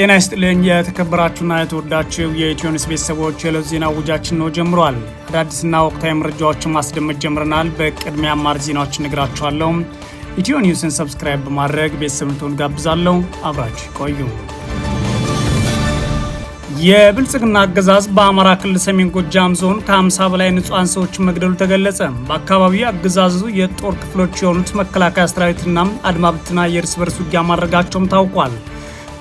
ጤና ይስጥልኝ የተከበራችሁና የተወዳችው የኢትዮኒስ ቤተሰቦች የዕለት ዜና ውጃችን ነው ጀምሯል። አዳዲስና ወቅታዊ መረጃዎችን ማስደመጥ ጀምረናል። በቅድሚያ አማር ዜናዎችን እነግራችኋለሁ። ኢትዮ ኒውስን ሰብስክራይብ በማድረግ ቤተሰብ እንድትሆኑ ጋብዛለሁ። አብራችሁ ይቆዩ። የብልጽግና አገዛዝ በአማራ ክልል ሰሜን ጎጃም ዞን ከ50 በላይ ንጹሐን ሰዎች መግደሉ ተገለጸ። በአካባቢው አገዛዙ የጦር ክፍሎች የሆኑት መከላከያ ሰራዊትና አድማ ብተና የእርስ በርስ ውጊያ ማድረጋቸውም ታውቋል።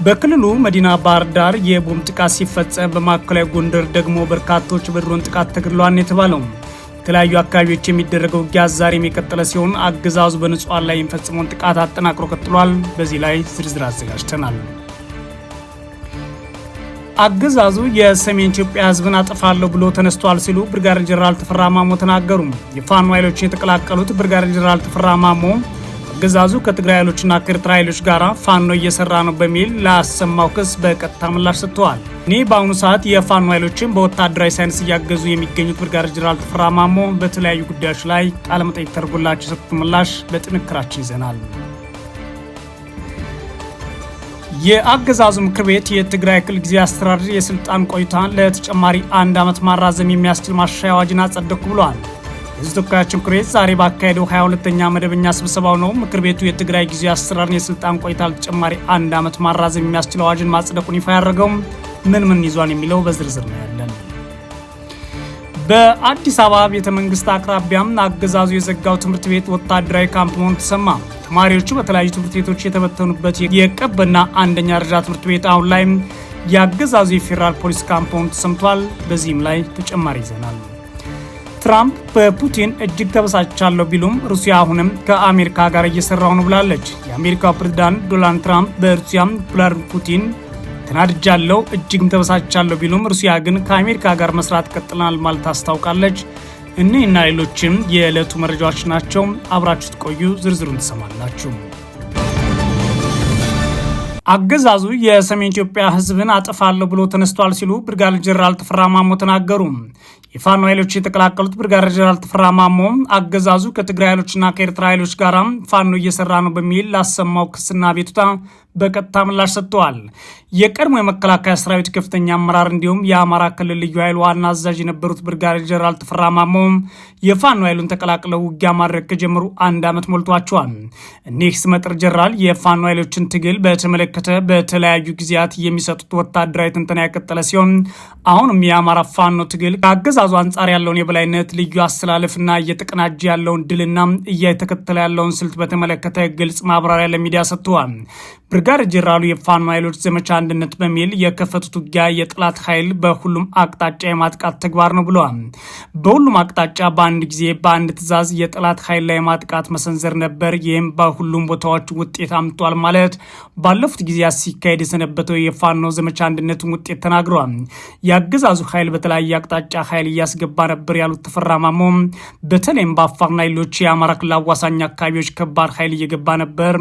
በክልሉ መዲና ባህር ዳር የቦምብ ጥቃት ሲፈጸም በማዕከላዊ ጎንደር ደግሞ በርካቶች በድሮን ጥቃት ተገድለዋል የተባለው የተለያዩ አካባቢዎች የሚደረገው ውጊያ ዛሬም የቀጠለ ሲሆን አገዛዙ በንጹሐን ላይ የሚፈጽመውን ጥቃት አጠናክሮ ቀጥሏል። በዚህ ላይ ዝርዝር አዘጋጅተናል። አገዛዙ የሰሜን ኢትዮጵያ ሕዝብን አጠፋለሁ ብሎ ተነስቷል ሲሉ ብርጋዴር ጀነራል ተፈራ ማሞ ተናገሩ። የፋኖ ኃይሎችን የተቀላቀሉት ብርጋዴር ጀነራል ተፈራ ማሞ አገዛዙ ከትግራይ ኃይሎችና ከኤርትራ ኃይሎች ጋር ፋኖ እየሰራ ነው በሚል ላሰማው ክስ በቀጥታ ምላሽ ሰጥተዋል። እኔ በአሁኑ ሰዓት የፋኖ ኃይሎችን በወታደራዊ ሳይንስ እያገዙ የሚገኙት ብርጋዴር ጄኔራል ተፈራ ማሞ በተለያዩ ጉዳዮች ላይ ቃለመጠይቅ ተደርጎላቸው የሰጡት ምላሽ በጥንክራችን ይዘናል። የአገዛዙ ምክር ቤት የትግራይ ክልል ጊዜ አስተዳደር የስልጣን ቆይታን ለተጨማሪ አንድ ዓመት ማራዘም የሚያስችል ማሻሻያ አዋጅን አጸደቁ ብሏል። የህዝብ ተወካዮች ምክር ቤት ዛሬ ባካሄደው 22ኛ መደበኛ ስብሰባው ነው ምክር ቤቱ የትግራይ ጊዜ አስተዳደርን የስልጣን ቆይታ ለተጨማሪ አንድ ዓመት ማራዘም የሚያስችል አዋጅን ማጽደቁን ይፋ ያደረገውም ምን ምን ይዟን የሚለው በዝርዝር ነው ያለን። በአዲስ አበባ ቤተ መንግስት አቅራቢያም አገዛዙ የዘጋው ትምህርት ቤት ወታደራዊ ካምፕ መሆኑ ተሰማ። ተማሪዎቹ በተለያዩ ትምህርት ቤቶች የተበተኑበት የቀበና አንደኛ ደረጃ ትምህርት ቤት አሁን ላይም የአገዛዙ የፌዴራል ፖሊስ ካምፕ መሆኑ ተሰምቷል። በዚህም ላይ ተጨማሪ ይዘናል። ትራምፕ በፑቲን እጅግ ተበሳጭቻለሁ ቢሉም ሩሲያ አሁንም ከአሜሪካ ጋር እየሰራሁ ነው ብላለች። የአሜሪካው ፕሬዝዳንት ዶናልድ ትራምፕ በሩሲያ ቭላድሚር ፑቲን ተናድጃለሁ፣ እጅግም ተበሳጭቻለሁ ቢሉም ሩሲያ ግን ከአሜሪካ ጋር መስራት ቀጥላል ማለት ታስታውቃለች። እኒህና ሌሎችም የዕለቱ መረጃዎች ናቸው። አብራችሁ ትቆዩ፣ ዝርዝሩን ትሰማላችሁ። አገዛዙ የሰሜን ኢትዮጵያ ህዝብን አጥፋለሁ ብሎ ተነስቷል ሲሉ ብርጋዴር ጄኔራል ተፈራ ማሞ ተናገሩ። የፋኖ ኃይሎች የተቀላቀሉት ብርጋዴር ጄኔራል ተፈራ ማሞ አገዛዙ ከትግራይ ኃይሎችና ከኤርትራ ኃይሎች ጋር ፋኖ እየሰራ ነው በሚል ላሰማው ክስና ቤቱታ በቀጥታ ምላሽ ሰጥተዋል። የቀድሞ የመከላከያ ሰራዊት ከፍተኛ አመራር እንዲሁም የአማራ ክልል ልዩ ኃይል ዋና አዛዥ የነበሩት ብርጋዴር ጀነራል ተፈራ ማሞም የፋኖ ኃይሉን ተቀላቅለው ውጊያ ማድረግ ከጀመሩ አንድ ዓመት ሞልቷቸዋል። እኒህ ስመጥር ጀነራል የፋኖ ኃይሎችን ትግል በተመለከተ በተለያዩ ጊዜያት የሚሰጡት ወታደራዊ ትንተና ያቀጠለ ሲሆን አሁንም የአማራ ፋኖ ትግል ከአገዛዙ አንጻር ያለውን የበላይነት ልዩ አሰላለፍና እየተቀናጀ ያለውን ድልና እየተከተለ ያለውን ስልት በተመለከተ ግልጽ ማብራሪያ ለሚዲያ ሰጥተዋል። ብርጋዴር ጀነራሉ የፋኖ ኃይሎች ዘመቻ አንድነት በሚል የከፈቱት ውጊያ የጠላት ኃይል በሁሉም አቅጣጫ የማጥቃት ተግባር ነው ብለዋል። በሁሉም አቅጣጫ በአንድ ጊዜ በአንድ ትዕዛዝ የጠላት ኃይል ላይ ማጥቃት መሰንዘር ነበር። ይህም በሁሉም ቦታዎች ውጤት አምጥቷል ማለት ባለፉት ጊዜያት ሲካሄድ የሰነበተው የፋኖ ዘመቻ አንድነትን ውጤት ተናግረዋል። የአገዛዙ ኃይል በተለያየ አቅጣጫ ኃይል እያስገባ ነበር ያሉት ተፈራ ማሞ በተለይም በአፋርና ሌሎች የአማራ ክልል አዋሳኝ አካባቢዎች ከባድ ኃይል እየገባ ነበር።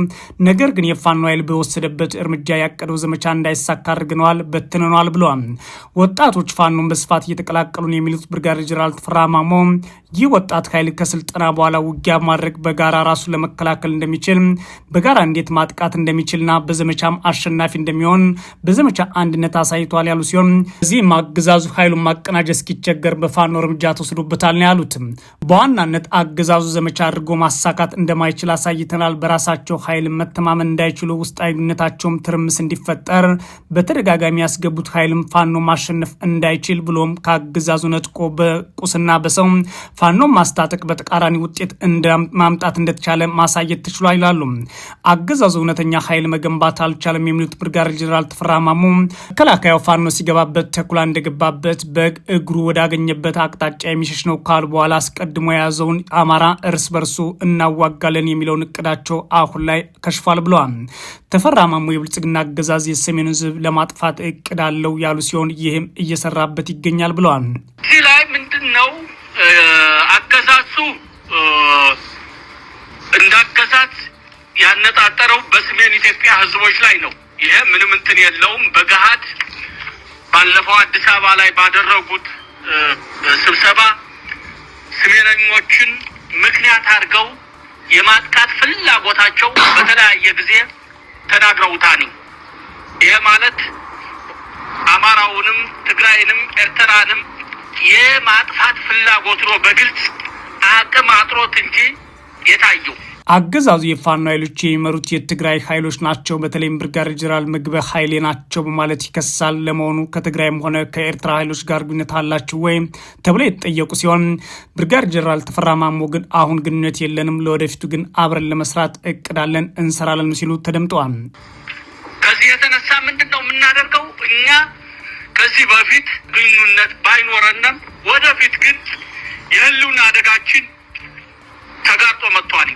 ነገር ግን የፋኖ ኃይል በወሰደበት እርምጃ ያቀደው ዘመቻ እንዳይሳካ አድርገነዋል፣ በትነነዋል ብለዋል። ወጣቶች ፋኖን በስፋት እየተቀላቀሉን የሚሉት ብርጋዴር ጄኔራል ተፈራ ማሞ ይህ ወጣት ኃይል ከስልጠና በኋላ ውጊያ ማድረግ በጋራ ራሱን ለመከላከል እንደሚችል በጋራ እንዴት ማጥቃት እንደሚችልና በዘመቻም አሸናፊ እንደሚሆን በዘመቻ አንድነት አሳይቷል ያሉ ሲሆን እዚህም አገዛዙ ኃይሉን ማቀናጀ እስኪቸገር በፋኖ እርምጃ ተወስዶበታል ነው ያሉት። በዋናነት አገዛዙ ዘመቻ አድርጎ ማሳካት እንደማይችል አሳይተናል። በራሳቸው ኃይል መተማመን እንዳይችሉ ውስጣዊነታቸውም ትርምስ እንዲፈጠር በተደጋጋሚ ያስገቡት ኃይልም ፋኖ ማሸነፍ እንዳይችል ብሎም ከአገዛዙ ነጥቆ በቁስና በሰው ፋኖ ማስታጠቅ በተቃራኒ ውጤት ማምጣት እንደተቻለ ማሳየት ትችሏል ይላሉ። አገዛዙ እውነተኛ ኃይል መገንባት አልቻለም የሚሉት ብርጋዴር ጄኔራል ተፈራ ማሞ መከላከያው ፋኖ ሲገባበት ተኩላ እንደገባበት በግ እግሩ ወዳገኘበት አቅጣጫ የሚሸሽ ነው ካሉ በኋላ አስቀድሞ የያዘውን አማራ እርስ በርሱ እናዋጋለን የሚለውን እቅዳቸው አሁን ላይ ከሽፏል ብለዋል። ተፈራ ማሞ የብልጽግና አገዛዝ የሰሜን የሰሜኑን ህዝብ ለማጥፋት እቅድ አለው ያሉ ሲሆን ይህም እየሰራበት ይገኛል ብለዋል። እዚህ ላይ ምንድን ነው አከሳሱ? እንዳከሳት ያነጣጠረው በሰሜን ኢትዮጵያ ህዝቦች ላይ ነው። ይሄ ምንም እንትን የለውም። በገሀድ ባለፈው አዲስ አበባ ላይ ባደረጉት ስብሰባ ሰሜነኞችን ምክንያት አድርገው የማጥቃት ፍላጎታቸው በተለያየ ጊዜ ተናግረውታኒ ይህ ማለት አማራውንም ትግራይንም ኤርትራንም የማጥፋት ፍላጎት ነው በግልጽ አቅም አጥሮት እንጂ የታየው አገዛዙ የፋኖ ኃይሎች የሚመሩት የትግራይ ኃይሎች ናቸው፣ በተለይም ብርጋዴር ጄኔራል ምግበ ኃይሌ ናቸው በማለት ይከሳል። ለመሆኑ ከትግራይም ሆነ ከኤርትራ ኃይሎች ጋር ግንኙነት አላቸው ወይም ተብለው የተጠየቁ ሲሆን ብርጋዴር ጄኔራል ተፈራ ማሞ ግን አሁን ግንኙነት የለንም፣ ለወደፊቱ ግን አብረን ለመስራት እቅዳለን፣ እንሰራለን ሲሉ ተደምጠዋል። እኛ ከዚህ በፊት ግንኙነት ባይኖረንም ወደፊት ግን የህልውና አደጋችን ተጋርጦ መጥቷል።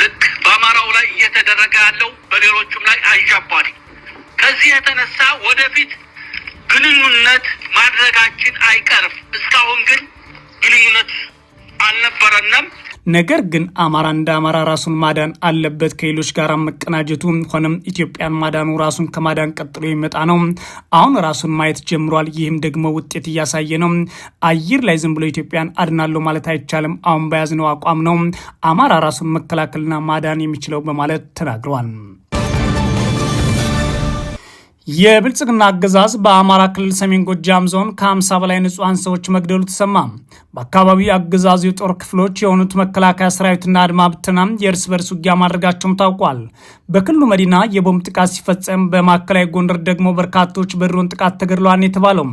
ልክ በአማራው ላይ እየተደረገ ያለው በሌሎቹም ላይ አንዣቧል። ከዚህ የተነሳ ወደፊት ግንኙነት ማድረጋችን አይቀርም። እስካሁን ግን ግንኙነት አልነበረንም። ነገር ግን አማራ እንደ አማራ ራሱን ማዳን አለበት። ከሌሎች ጋር መቀናጀቱ ሆነም ኢትዮጵያን ማዳኑ ራሱን ከማዳን ቀጥሎ የሚመጣ ነው። አሁን ራሱን ማየት ጀምሯል። ይህም ደግሞ ውጤት እያሳየ ነው። አየር ላይ ዝም ብሎ ኢትዮጵያን አድናለሁ ማለት አይቻልም። አሁን በያዝነው አቋም ነው አማራ ራሱን መከላከልና ማዳን የሚችለው በማለት ተናግረዋል። የብልጽግና አገዛዝ በአማራ ክልል ሰሜን ጎጃም ዞን ከ50 በላይ ንጹሐን ሰዎች መግደሉ ተሰማ። በአካባቢው አገዛዙ የጦር ክፍሎች የሆኑት መከላከያ ሰራዊትና አድማ የእርስ በርስ ውጊያ ማድረጋቸውም ታውቋል። በክልሉ መዲና የቦምብ ጥቃት ሲፈጸም፣ በማዕከላዊ ጎንደር ደግሞ በርካቶች በድሮን ጥቃት ተገድለዋል የተባለው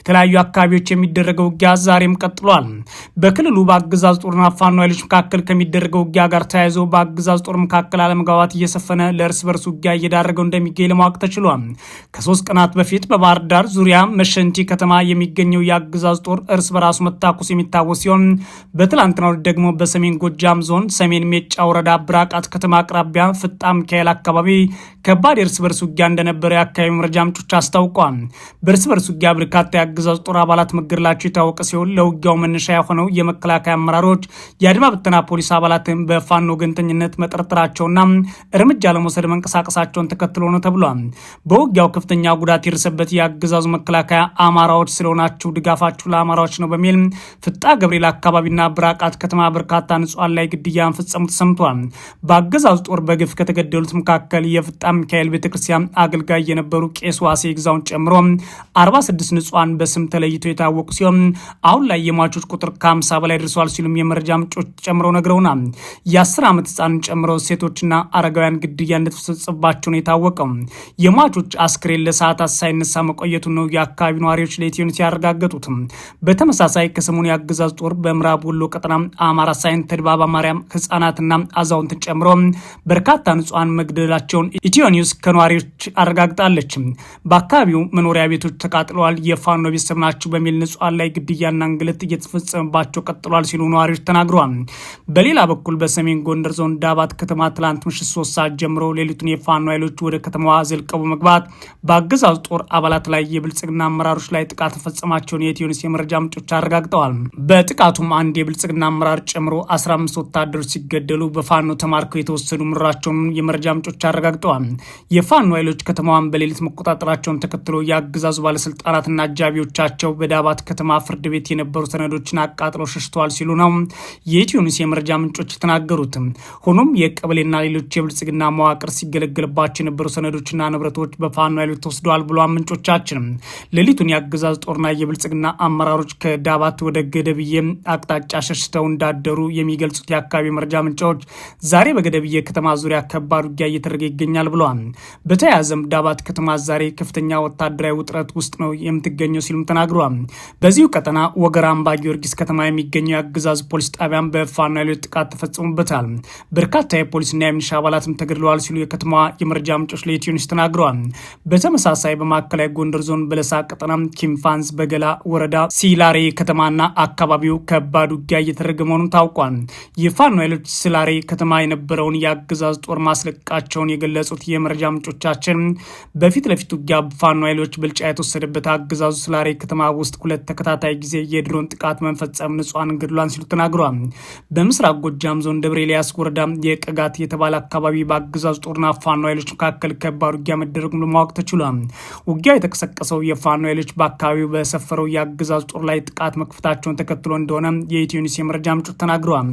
የተለያዩ አካባቢዎች የሚደረገው ውጊያ ዛሬም ቀጥሏል። በክልሉ በአገዛዝ ጦርና ፋኖ ኃይሎች መካከል ከሚደረገው ውጊያ ጋር ተያይዞ በአገዛዝ ጦር መካከል አለመግባባት እየሰፈነ ለእርስ በርስ ውጊያ እየዳረገው እንደሚገኝ ለማወቅ ተችሏል። ከሶስት ቀናት በፊት በባህር ዳር ዙሪያ መሸንቲ ከተማ የሚገኘው የአገዛዝ ጦር እርስ በራሱ መታኮስ የሚታወስ ሲሆን በትላንትናው ደግሞ በሰሜን ጎጃም ዞን ሰሜን ሜጫ ወረዳ ብራቃት ከተማ አቅራቢያ ፍጣ ሚካኤል አካባቢ ከባድ የእርስ በርስ ውጊያ እንደነበረ የአካባቢ መረጃ ምንጮች አስታውቋል። በእርስ በርስ ውጊያ በርካታ የአገዛዙ ጦር አባላት መገደላቸው የታወቀ ሲሆን ለውጊያው መነሻ የሆነው የመከላከያ አመራሮች የአድማ ብተና ፖሊስ አባላትን በፋኖ ገንጠኝነት መጠርጠራቸውና እርምጃ ለመውሰድ መንቀሳቀሳቸውን ተከትሎ ነው ተብሏል። በውጊያው ከፍተኛ ጉዳት የደረሰበት የአገዛዙ መከላከያ አማራዎች ስለሆናችሁ ድጋፋችሁ ለአማራዎች ነው በሚል ፍጣ ገብርኤል አካባቢና ብራቃት ከተማ በርካታ ንጹሐን ላይ ግድያን ፈጸሙ ተሰምቷል። በአገዛዙ ጦር በግፍ ከተገደሉት መካከል የፍጣ ሚካኤል ቤተክርስቲያን አገልጋይ የነበሩ ቄስ ዋሴ ግዛውን ጨምሮ 46 ንጹሐን በስም ተለይተው የታወቁ ሲሆን አሁን ላይ የሟቾች ቁጥር ከአምሳ በላይ ደርሰዋል ሲሉም የመረጃ ምንጮች ጨምረው ነግረውናል። የአስር ዓመት ህፃንን ጨምሮ ሴቶችና አረጋውያን ግድያ እንደተፈጸመባቸው ነው የታወቀው። የሟቾች አስክሬን ለሰዓታት ሳይነሳ መቆየቱ ነው የአካባቢ ነዋሪዎች ለኢትዮኒውስ ያረጋገጡት። በተመሳሳይ ከሰሞኑ የአገዛዝ ጦር በምዕራብ ወሎ ቀጠና አማራ ሳይንት ተድባባ ማርያም ህጻናትና አዛውንትን ጨምሮ በርካታ ንጹሐን መግደላቸውን ኢትዮኒውስ ከነዋሪዎች አረጋግጣለች። በአካባቢው መኖሪያ ቤቶች ተቃጥለዋል። የፋኖ ነው ቤተሰብ ናችሁ በሚል ንጹሐን ላይ ግድያና እንግልት እየተፈጸመባቸው ቀጥሏል ሲሉ ነዋሪዎች ተናግረዋል። በሌላ በኩል በሰሜን ጎንደር ዞን ዳባት ከተማ ትላንት ምሽት ሶስት ሰዓት ጀምሮ ሌሊቱን የፋኖ ኃይሎች ወደ ከተማዋ ዘልቀው በመግባት በአገዛዙ ጦር አባላት ላይ የብልጽግና አመራሮች ላይ ጥቃት ተፈጸማቸውን የኢትዮኒውስ የመረጃ ምንጮች አረጋግጠዋል። በጥቃቱም አንድ የብልጽግና አመራር ጨምሮ 15 ወታደሮች ሲገደሉ በፋኖ ተማርከው የተወሰዱ ምራቸውን የመረጃ ምንጮች አረጋግጠዋል። የፋኖ ኃይሎች ከተማዋን በሌሊት መቆጣጠራቸውን ተከትሎ የአገዛዙ ባለስልጣናትና አጃቢ አጃቢዎቻቸው በዳባት ከተማ ፍርድ ቤት የነበሩ ሰነዶችን አቃጥለው ሸሽተዋል ሲሉ ነው የኢትዮኒስ የመረጃ ምንጮች የተናገሩት ሆኖም የቀበሌና ሌሎች የብልጽግና መዋቅር ሲገለገልባቸው የነበሩ ሰነዶችና ንብረቶች በፋኖ ኃይሎች ተወስደዋል ብሏል ምንጮቻችን። ሌሊቱን የአገዛዝ ጦርና የብልጽግና አመራሮች ከዳባት ወደ ገደብዬ አቅጣጫ ሸሽተው እንዳደሩ የሚገልጹት የአካባቢ መረጃ ምንጮች ዛሬ በገደብዬ ከተማ ዙሪያ ከባድ ውጊያ እየተደረገ ይገኛል ብለዋል። በተያያዘም ዳባት ከተማ ዛሬ ከፍተኛ ወታደራዊ ውጥረት ውስጥ ነው የምትገኘው ሲሉም ተናግረዋል። በዚሁ ቀጠና ወገራ አምባ ጊዮርጊስ ከተማ የሚገኘው የአገዛዙ ፖሊስ ጣቢያን በፋኖ ኃይሎች ጥቃት ተፈጽሞበታል። በርካታ የፖሊስና የሚሊሻ አባላትም ተገድለዋል ሲሉ የከተማዋ የመረጃ ምንጮች ለኢትዮኒስ ተናግረዋል። በተመሳሳይ በማዕከላዊ ጎንደር ዞን በለሳ ቀጠና ኪምፋንስ በገላ ወረዳ ሲላሬ ከተማና አካባቢው ከባድ ውጊያ እየተደረገ መሆኑን ታውቋል። የፋኖ ኃይሎች ሲላሬ ከተማ የነበረውን የአገዛዝ ጦር ማስለቀቃቸውን የገለጹት የመረጃ ምንጮቻችን በፊት ለፊት ውጊያ ፋኖ ኃይሎች ብልጫ የተወሰደበት አገዛዙ ዛሬ ከተማ ውስጥ ሁለት ተከታታይ ጊዜ የድሮን ጥቃት መፈጸም ንጹሐን ገድሏን ሲሉ ተናግረዋል። በምስራቅ ጎጃም ዞን ደብረ ኤልያስ ወረዳ የቅጋት የተባለ አካባቢ በአገዛዙ ጦርና ፋኖ ኃይሎች መካከል ከባድ ውጊያ መደረጉን ለማወቅ ተችሏል። ውጊያ የተቀሰቀሰው የፋኖ ኃይሎች በአካባቢው በሰፈረው የአገዛዙ ጦር ላይ ጥቃት መክፈታቸውን ተከትሎ እንደሆነ የኢትዮኒስ የመረጃ ምንጮች ተናግረዋል።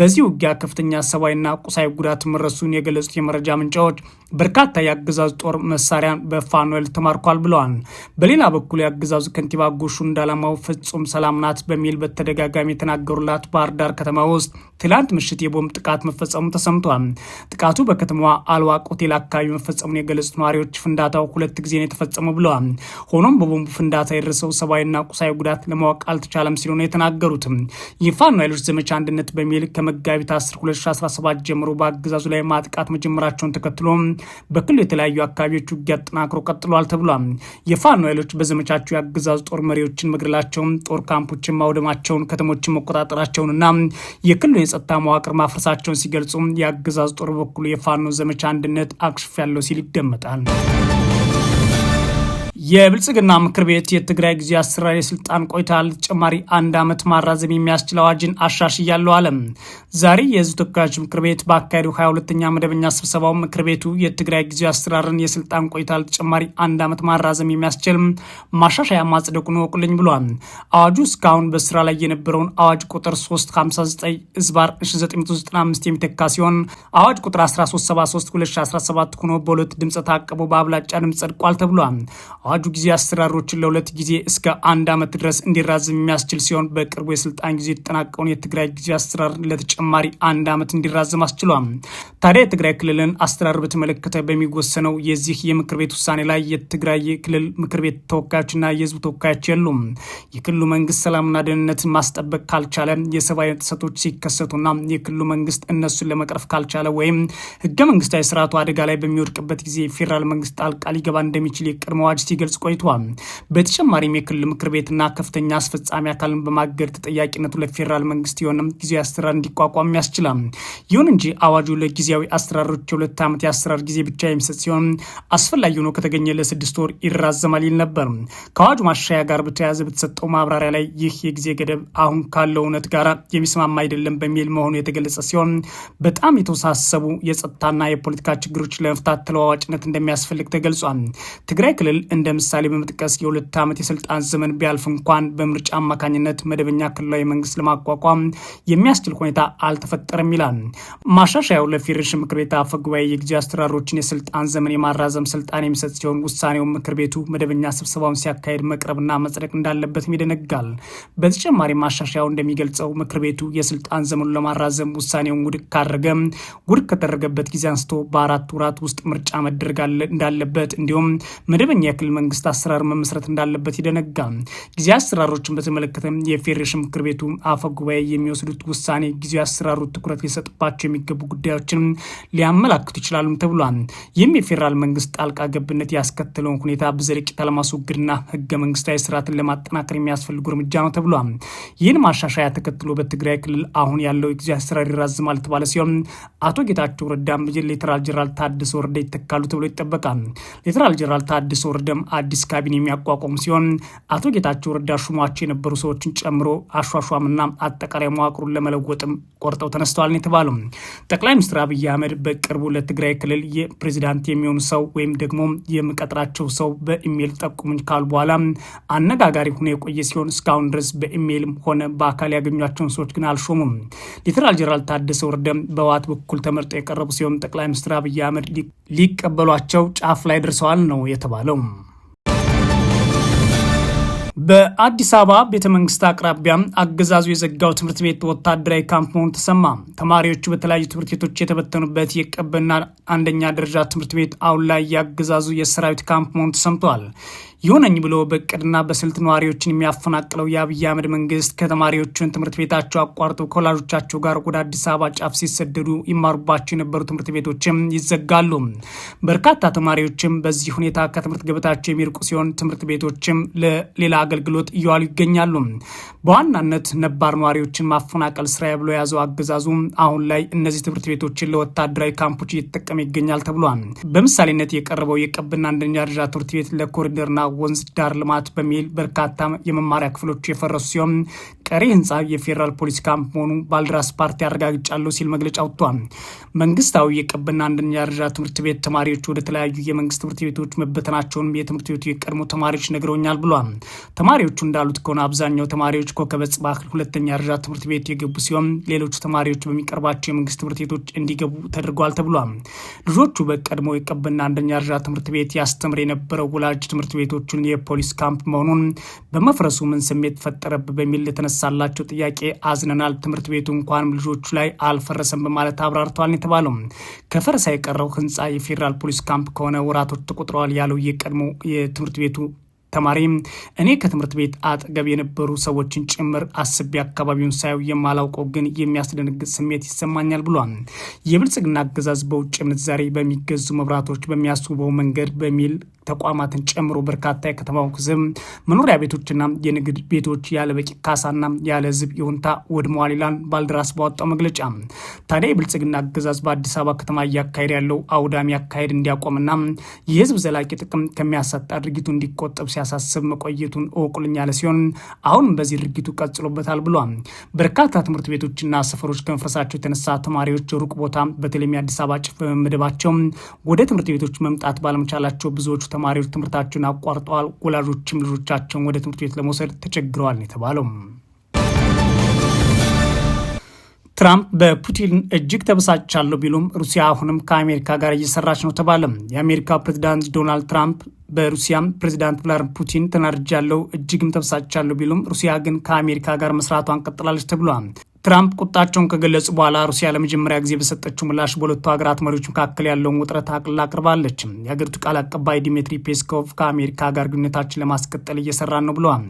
በዚህ ውጊያ ከፍተኛ ሰብአዊና ቁሳዊ ጉዳት መረሱን የገለጹት የመረጃ ምንጫዎች በርካታ የአገዛዙ ጦር መሳሪያን በፋኖ ኃይል ተማርኳል ብለዋል። በሌላ በኩል የአገዛዙ አገዛዙ ከንቲባ ጎሹ እንዳላማው ፍጹም ሰላም ናት በሚል በተደጋጋሚ የተናገሩላት ባህር ዳር ከተማ ውስጥ ትላንት ምሽት የቦምብ ጥቃት መፈጸሙ ተሰምቷል። ጥቃቱ በከተማዋ አልዋ ቆቴል አካባቢ መፈጸሙን የገለጹት ነዋሪዎች ፍንዳታው ሁለት ጊዜ ነው የተፈጸመው ብለዋል። ሆኖም በቦምቡ ፍንዳታ የደረሰው ሰብአዊና ቁሳዊ ጉዳት ለማወቅ አልተቻለም ሲሉ ነው የተናገሩት። የፋኖ ኃይሎች ዘመቻ አንድነት በሚል ከመጋቢት 10 2017 ጀምሮ በአገዛዙ ላይ ማጥቃት መጀመራቸውን ተከትሎ በክልሉ የተለያዩ አካባቢዎች ውጊያ አጠናክሮ ቀጥሏል ተብሏል። የፋኖ ኃይሎች በዘመቻቸው የአገዛዙ ጦር መሪዎችን መግደላቸውን፣ ጦር ካምፖችን ማውደማቸውን፣ ከተሞችን መቆጣጠራቸውንና የክልሉን የጸጥታ መዋቅር ማፍረሳቸውን ሲገልጹ የአግዛዝ ጦር በኩሉ የፋኖ ዘመቻ አንድነት አክሽፍ ያለው ሲል ይደመጣል። የብልጽግና ምክር ቤት የትግራይ ጊዜ አስተዳደር የስልጣን ቆይታ ለተጨማሪ አንድ ዓመት ማራዘም የሚያስችል አዋጅን አሻሽያለሁ አለ። ዛሬ የህዝብ ተወካዮች ምክር ቤት በአካሄዱ 22ኛ መደበኛ ስብሰባው ምክር ቤቱ የትግራይ ጊዜ አስተዳደርን የስልጣን ቆይታ ለተጨማሪ አንድ ዓመት ማራዘም የሚያስችል ማሻሻያ ማጽደቁን ወቁልኝ ብሏል። አዋጁ እስካሁን በስራ ላይ የነበረውን አዋጅ ቁጥር 359 ዝባር 995 የሚተካ ሲሆን አዋጅ ቁጥር 1373 2017 ሆኖ በሁለት ድምፀ ታቅቦ በአብላጫ ድምፅ ጸድቋል ተብሏል። አዋጁ ጊዜ አሰራሮችን ለሁለት ጊዜ እስከ አንድ ዓመት ድረስ እንዲራዘም የሚያስችል ሲሆን በቅርቡ የስልጣን ጊዜ የተጠናቀውን የትግራይ ጊዜ አሰራር ለተጨማሪ አንድ ዓመት እንዲራዘም አስችሏል። ታዲያ የትግራይ ክልልን አሰራር በተመለከተ በሚወሰነው የዚህ የምክር ቤት ውሳኔ ላይ የትግራይ የክልል ምክር ቤት ተወካዮችና የህዝብ ተወካዮች የሉም። የክልሉ መንግስት ሰላምና ደህንነትን ማስጠበቅ ካልቻለ፣ የሰብአዊ ጥሰቶች ሲከሰቱና የክልሉ መንግስት እነሱን ለመቅረፍ ካልቻለ ወይም ህገ መንግስታዊ ስርዓቱ አደጋ ላይ በሚወድቅበት ጊዜ የፌዴራል መንግስት ጣልቃ ሊገባ እንደሚችል የቀድሞ አዋጅ ሲገልጽ ቆይቷል። በተጨማሪም የክልል ምክር ቤትና ከፍተኛ አስፈጻሚ አካልን በማገድ ተጠያቂነቱ ለፌዴራል መንግስት የሆነም ጊዜያዊ አሰራር እንዲቋቋም ያስችላል። ይሁን እንጂ አዋጁ ለጊዜያዊ አሰራሮች የሁለት ዓመት የአሰራር ጊዜ ብቻ የሚሰጥ ሲሆን አስፈላጊ ሆኖ ከተገኘ ለስድስት ወር ይራዘማል ይል ነበር። ከአዋጁ ማሻያ ጋር በተያያዘ በተሰጠው ማብራሪያ ላይ ይህ የጊዜ ገደብ አሁን ካለው እውነት ጋር የሚስማማ አይደለም በሚል መሆኑ የተገለጸ ሲሆን በጣም የተወሳሰቡ የጸጥታና የፖለቲካ ችግሮች ለመፍታት ተለዋዋጭነት እንደሚያስፈልግ ተገልጿል። ትግራይ ክልል እንደ እንደ ምሳሌ በመጥቀስ የሁለት ዓመት የስልጣን ዘመን ቢያልፍ እንኳን በምርጫ አማካኝነት መደበኛ ክልላዊ መንግስት ለማቋቋም የሚያስችል ሁኔታ አልተፈጠረም ይላል። ማሻሻያው ለፌዴሬሽን ምክር ቤት አፈ ጉባኤ የጊዜ አስተዳደሮችን የስልጣን ዘመን የማራዘም ስልጣን የሚሰጥ ሲሆን ውሳኔውን ምክር ቤቱ መደበኛ ስብሰባውን ሲያካሄድ መቅረብና መጽደቅ እንዳለበትም ይደነጋል። በተጨማሪ ማሻሻያው እንደሚገልጸው ምክር ቤቱ የስልጣን ዘመኑ ለማራዘም ውሳኔውን ውድቅ ካደረገ ውድቅ ከተደረገበት ጊዜ አንስቶ በአራት ወራት ውስጥ ምርጫ መደረግ እንዳለበት እንዲሁም መደበኛ የክልል መንግስት አሰራር መመስረት እንዳለበት ይደነጋል። ጊዜ አሰራሮችን በተመለከተ የፌዴሬሽን ምክር ቤቱ አፈ ጉባኤ የሚወስዱት ውሳኔ ጊዜ አሰራሩ ትኩረት ሊሰጥባቸው የሚገቡ ጉዳዮችን ሊያመላክቱ ይችላሉም ተብሏል። ይህም የፌዴራል መንግስት ጣልቃ ገብነት ያስከተለውን ሁኔታ በዘለቂታ ለማስወገድና ህገ መንግስታዊ ስርዓትን ለማጠናከር የሚያስፈልጉ እርምጃ ነው ተብሏል። ይህን ማሻሻያ ተከትሎ በትግራይ ክልል አሁን ያለው የጊዜ አሰራር ይራዝማል የተባለ ሲሆን አቶ ጌታቸው ረዳም ሌተናል ጀነራል ታደሰ ወረደ ይተካሉ ተብሎ ይጠበቃል። ሌተናል ጀነራል ታደሰ ወረደም አዲስ ካቢኔ የሚያቋቋሙ ሲሆን አቶ ጌታቸው ረዳ ሹሟቸው የነበሩ ሰዎችን ጨምሮ አሿሿምና አጠቃላይ መዋቅሩን ለመለወጥም ቆርጠው ተነስተዋል ነው የተባለው። ጠቅላይ ሚኒስትር አብይ አህመድ በቅርቡ ለትግራይ ክልል የፕሬዚዳንት የሚሆኑ ሰው ወይም ደግሞ የምቀጥራቸው ሰው በኢሜይል ጠቁሙኝ ካሉ በኋላ አነጋጋሪ ሆኖ የቆየ ሲሆን እስካሁን ድረስ በኢሜይልም ሆነ በአካል ያገኟቸውን ሰዎች ግን አልሾሙም። ሌተናል ጄኔራል ታደሰ ወረደ በህወሓት በኩል ተመርጠው የቀረቡ ሲሆን ጠቅላይ ሚኒስትር አብይ አህመድ ሊቀበሏቸው ጫፍ ላይ ደርሰዋል ነው የተባለው። በአዲስ አበባ ቤተ መንግስት አቅራቢያ አገዛዙ የዘጋው ትምህርት ቤት ወታደራዊ ካምፕ መሆኑ ተሰማ። ተማሪዎቹ በተለያዩ ትምህርት ቤቶች የተበተኑበት የቀበና አንደኛ ደረጃ ትምህርት ቤት አሁን ላይ የአገዛዙ የሰራዊት ካምፕ መሆኑ ተሰምቷል። ይሁነኝ ብሎ በእቅድና በስልት ነዋሪዎችን የሚያፈናቅለው የአብይ አህመድ መንግስት ከተማሪዎችን ትምህርት ቤታቸው አቋርጠው ከወላጆቻቸው ጋር ወደ አዲስ አበባ ጫፍ ሲሰደዱ ይማሩባቸው የነበሩ ትምህርት ቤቶችም ይዘጋሉ። በርካታ ተማሪዎችም በዚህ ሁኔታ ከትምህርት ገበታቸው የሚርቁ ሲሆን ትምህርት ቤቶችም ለሌላ አገልግሎት እየዋሉ ይገኛሉ። በዋናነት ነባር ነዋሪዎችን ማፈናቀል ስራ ብሎ የያዘው አገዛዙ አሁን ላይ እነዚህ ትምህርት ቤቶችን ለወታደራዊ ካምፖች እየተጠቀመ ይገኛል ተብሏል። በምሳሌነት የቀረበው የቀብና አንደኛ ደረጃ ትምህርት ቤት ለኮሪደርና ወንዝ ዳር ልማት በሚል በርካታ የመማሪያ ክፍሎች የፈረሱ ሲሆን ቀሪ ህንፃ የፌዴራል ፖሊስ ካምፕ መሆኑ ባልደራስ ፓርቲ አረጋግጫለሁ ሲል መግለጫ ወጥቷል። መንግስታዊ የቅብና አንደኛ ደረጃ ትምህርት ቤት ተማሪዎች ወደ ተለያዩ የመንግስት ትምህርት ቤቶች መበተናቸውን የትምህርት ቤቱ የቀድሞ ተማሪዎች ነግረውኛል ብሏል። ተማሪዎቹ እንዳሉት ከሆነ አብዛኛው ተማሪዎች ኮከበ ጽባህ ሁለተኛ ደረጃ ትምህርት ቤት የገቡ ሲሆን ሌሎቹ ተማሪዎች በሚቀርባቸው የመንግስት ትምህርት ቤቶች እንዲገቡ ተደርጓል ተብሏል። ልጆቹ በቀድሞ የቅብና አንደኛ ደረጃ ትምህርት ቤት ያስተምር የነበረው ወላጅ ትምህርት ቤቶች የአንዳንዶቹን የፖሊስ ካምፕ መሆኑን በመፍረሱ ምን ስሜት ፈጠረብ በሚል የተነሳላቸው ጥያቄ አዝነናል፣ ትምህርት ቤቱ እንኳንም ልጆቹ ላይ አልፈረሰም በማለት አብራርተዋል የተባለው ከፈረሳ የቀረው ህንፃ የፌዴራል ፖሊስ ካምፕ ከሆነ ወራቶች ተቆጥረዋል ያለው የቀድሞ የትምህርት ቤቱ ተማሪ እኔ ከትምህርት ቤት አጠገብ የነበሩ ሰዎችን ጭምር አስቤ አካባቢውን ሳየው የማላውቀው ግን የሚያስደነግጥ ስሜት ይሰማኛል ብሏል። የብልጽግና አገዛዝ በውጭ ምንዛሬ በሚገዙ መብራቶች በሚያስውበው መንገድ በሚል ተቋማትን ጨምሮ በርካታ የከተማው ህዝብ መኖሪያ ቤቶችና የንግድ ቤቶች ያለበቂ ካሳና ያለ ህዝብ ይሁንታ ወድመዋል ይላል ባልደራስ ባወጣው መግለጫ። ታዲያ የብልጽግና አገዛዝ በአዲስ አበባ ከተማ እያካሄድ ያለው አውዳሚ አካሄድ እንዲያቆምና የህዝብ ዘላቂ ጥቅም ከሚያሳጣ ድርጊቱ እንዲቆጠብ ሲያሳስብ መቆየቱን እወቁልኝ ያለ ሲሆን አሁንም በዚህ ድርጊቱ ቀጽሎበታል ብሏል። በርካታ ትምህርት ቤቶችና ሰፈሮች ከመፍረሳቸው የተነሳ ተማሪዎች ሩቅ ቦታ በተለይም የአዲስ አበባ ጭፍ በመመደባቸው ወደ ትምህርት ቤቶች መምጣት ባለመቻላቸው ብዙዎቹ ተማሪዎች ትምህርታቸውን አቋርጠዋል። ወላጆችም ልጆቻቸውን ወደ ትምህርት ቤት ለመውሰድ ተቸግረዋል ነው የተባለው። ትራምፕ በፑቲን እጅግ ተበሳጭቻለሁ ቢሉም ሩሲያ አሁንም ከአሜሪካ ጋር እየሰራች ነው ተባለ። የአሜሪካ ፕሬዚዳንት ዶናልድ ትራምፕ በሩሲያም ፕሬዚዳንት ቭላድሚር ፑቲን ተናድጃለሁ፣ እጅግም ተበሳጭቻለሁ ቢሉም ሩሲያ ግን ከአሜሪካ ጋር መስራቷን ቀጥላለች ተብሏል። ትራምፕ ቁጣቸውን ከገለጹ በኋላ ሩሲያ ለመጀመሪያ ጊዜ በሰጠችው ምላሽ በሁለቱ ሀገራት መሪዎች መካከል ያለውን ውጥረት አቅልላ አቅርባለች። የሀገሪቱ ቃል አቀባይ ዲሚትሪ ፔስኮቭ ከአሜሪካ ጋር ግንኙነታችን ለማስቀጠል እየሰራን ነው ብለዋል።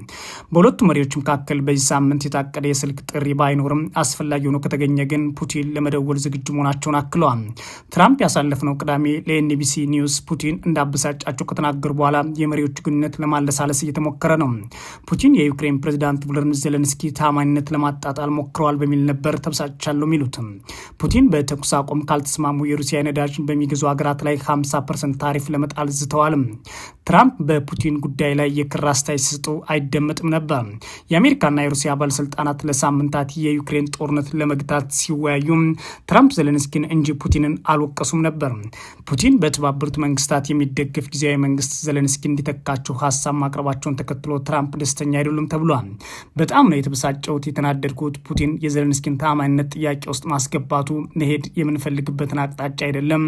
በሁለቱ መሪዎች መካከል በዚህ ሳምንት የታቀደ የስልክ ጥሪ ባይኖርም አስፈላጊ ሆኖ ከተገኘ ግን ፑቲን ለመደወል ዝግጁ መሆናቸውን አክለዋል። ትራምፕ ያሳለፍነው ቅዳሜ ለኤንቢሲ ኒውስ ፑቲን እንዳበሳጫቸው ከተናገሩ በኋላ የመሪዎቹ ግንኙነት ለማለሳለስ እየተሞከረ ነው። ፑቲን የዩክሬን ፕሬዚዳንት ቮሎድሚር ዜሌንስኪ ታማኝነት ለማጣጣል ሞክረዋል በሚል ነበር ተብሳጭቻለሁ የሚሉትም ፑቲን በተኩስ አቁም ካልተስማሙ የሩሲያ ነዳጅን በሚገዙ ሀገራት ላይ 50 ፐርሰንት ታሪፍ ለመጣል ዝተዋል። ትራምፕ በፑቲን ጉዳይ ላይ የክር አስተያየት ሲሰጡ አይደመጥም ነበር። የአሜሪካና የሩሲያ ባለስልጣናት ለሳምንታት የዩክሬን ጦርነት ለመግታት ሲወያዩም ትራምፕ ዘለንስኪን እንጂ ፑቲንን አልወቀሱም ነበር። ፑቲን በተባበሩት መንግስታት የሚደገፍ ጊዜያዊ መንግስት ዘለንስኪ እንዲተካቸው ሀሳብ ማቅረባቸውን ተከትሎ ትራምፕ ደስተኛ አይደሉም ተብሏል። በጣም ነው የተበሳጨሁት፣ የተናደድኩት ፑቲን የዘለንስኪን ተአማኒነት ጥያቄ ውስጥ ማስገባቱ መሄድ የምንፈልግበትን አቅጣጫ አይደለም።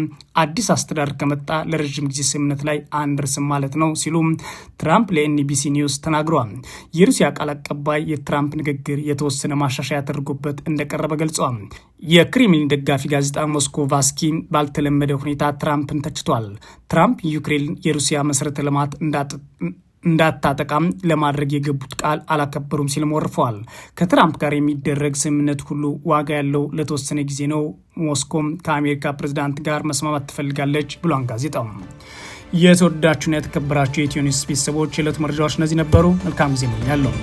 አዲስ አስተዳደር ከመጣ ለረዥም ጊዜ ስምምነት ላይ አንደርስም ማለት ማለት ነው ሲሉም ትራምፕ ለኤንቢሲ ኒውስ ተናግረዋል። የሩሲያ ቃል አቀባይ የትራምፕ ንግግር የተወሰነ ማሻሻያ ተደርጎበት እንደቀረበ ገልጸዋል። የክሬምሊን ደጋፊ ጋዜጣ ሞስኮ ቫስኪ ባልተለመደ ሁኔታ ትራምፕን ተችቷል። ትራምፕ ዩክሬን የሩሲያ መሰረተ ልማት እንዳታጠቃም ለማድረግ የገቡት ቃል አላከበሩም ሲልም ወርፈዋል። ከትራምፕ ጋር የሚደረግ ስምምነት ሁሉ ዋጋ ያለው ለተወሰነ ጊዜ ነው። ሞስኮም ከአሜሪካ ፕሬዝዳንት ጋር መስማማት ትፈልጋለች ብሏን ጋዜጣው የተወዳችሁና የተከበራችሁ የኢትዮ ኒውስ ቤተሰቦች የዕለቱ መረጃዎች እነዚህ ነበሩ። መልካም ጊዜ እመኛለሁ።